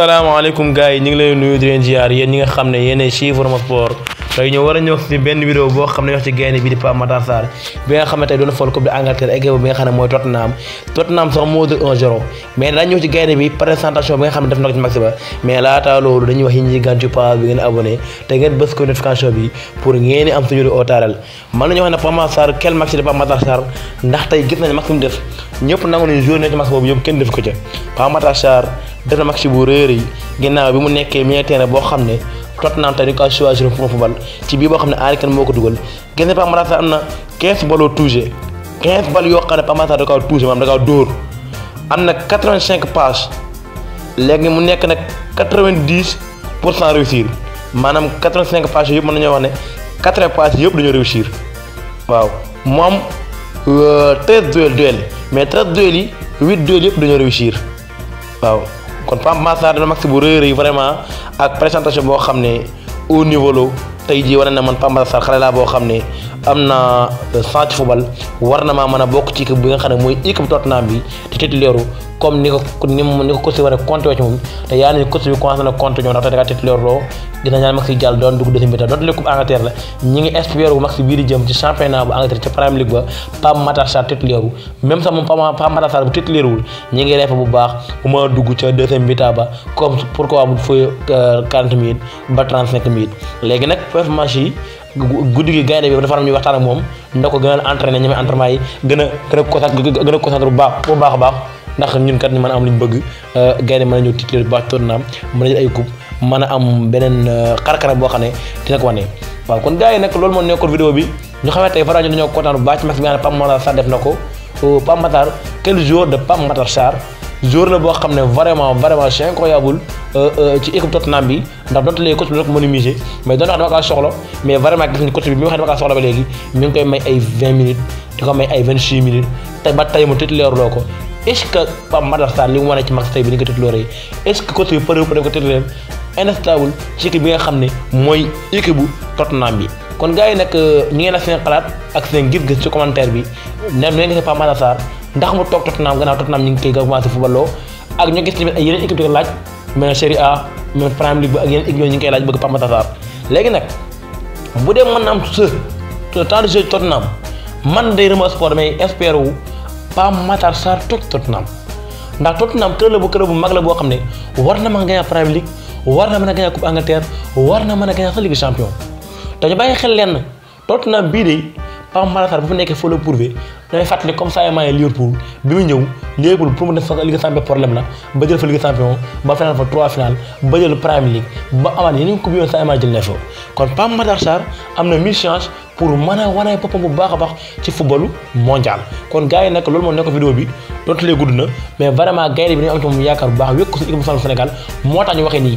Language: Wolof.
salaamaaleykum gars yi ñu ngi leen nuyu di leen ziar yéen ñi nga xam ne yéenay suivre Wama Sport tey ñu war a ñëw ci benn vidéo boo xam ne wax ci gaynde bi di Pape bi nga xam ne tey doon fool coupe de Angleterre équipe bi nga xam ne mooy Tottenham Tottenham sax moo dul 1-0 mais ne def na ko ci max ba di ootaaral def ñëpp nangu nañu na ci max boobu yëpp def ko ca Pape Matar Sarr def bu réer yi ginnaaw bi mu nekkee milieu terrain boo xam ne Tottenham tey dañ ko choisir pour football ci bi bo xamne ari kan moko duggal gene pa marata amna 15 ballo touché 15 ball yo xam pa marata da ko touché mam da ko dóor amna 85 passes léegi mu nek nak 90 réussir manam 85 passes yop mën ñu wax ne 80 passes yop dañu réussir waaw mom euh 13 duel duel mais 13 duel yi 8 duel yop dañu réussir waaw kon Pape Massar dina max bu rëy rëy vraiment ak présentation boo xam ne au niveau lu tey jii wane na man Pape Massar xale laa boo xam ne am na sens ci football war na maa mën a bokk ci équipe bi nga xam ne mooy équipe Tottenham bi te titulaire comme ni ko ni ni ko coach bi war a compté ci moom te yaa ni coach bi commencé na compté ñoom ndax te da doon dugg deuxième mi-temps bu Maxi bii di jëm ci championnat bu Angleterre ci Premier League ba Pape Matar Sarr titulaire sax moom Pape Matar bu titulaire wul ñi ngi reefe bu baax mu mën dugg ca deuxième mi-temps ba comme pourquoi mu fay 40 minutes ba 35 léegi nag performance yi guddi gi gaynde bi dafa am ñu waxtaan ak moom nda ko gën a entraîné ñeme entraînement yi gën a gën bu baax bu baax a baax ndax ñun kat ñu mën a am lu ñu bëgg euh, gaynde mën a ñëw titulaire bu baax Tottenham mën a jël ay coupe mën a am beneen euh, xarkanam boo xam ne dina ko ne waaw kon gars yi nag loolu moo nekkoon vidéo bi ñu xamante ne faral ñu dañoo kontaan bu baax ci match bi nga xam ne Pape Matar Sarr def na ko euh, Pape Matar quel joueur de Pape Matar jour la boo xam ne vraiment vraiment c'est incroyable euh, euh, ci équipe Tottenham bi ndax donte léegi coach bi da mais doon soxla mais vraiment gis ni mi wax dama kaa soxla ba léegi mi ngi koy may ay 20 minutes di ko may ay 26 minutes te ba tey mu titulaire loo ko est-ce que Pape Matar Sarr ni ko titulaire yi est-ce bi pare ko def ko titulaire bi nga xam ne mooy équipe bu Tottenham bi kon gars yi nag euh, ñu ngeen nag seen xalaat ak seen gis-gis ci commentaire bi nem ne nga Pape Matar Sarr ndax mu toog Tottenham gannaaw Tottenham ñu ngi koy commencé footballoo ak ñoo gis yeneen équipe di ko laaj mais Serie A mais Premier League ak yeneen équipe yooyu ñu laaj bëgg Pape Matar Sarr léegi nag bu dee mën na am sa temps de man day remercié sport mais espère wu Pape Matar Sarr toog Tottenham ndax Tottenham club la bu club bu mag la boo xam ne war na mën a gagner Premier League war na mën a gagner Coupe Angleterre war na mën a gagner sa Ligue champion te ñu xel lenn Tottenham bii Pape Matar Sarr bu fa nekkee foo la prouvé damay fàttali comme ça maye Liverpool bi mu ñëw Liverpool pour mu def fa Ligue des problème la ba jël fa Ligue des ba final fa trois final ba jël Premier League ba amaat yeneen coupe yoon saa maye jël ne fa kon Pape Matar Sarr am na mille chance pour man a wane boppam bu baax a baax ci footballu mondial kon gars yi nag loolu moo nekk vidéo bi donte lee gudd na mais vraiment gars bi baax wékk ko suñu équipe bu moo tax ñu waxee nii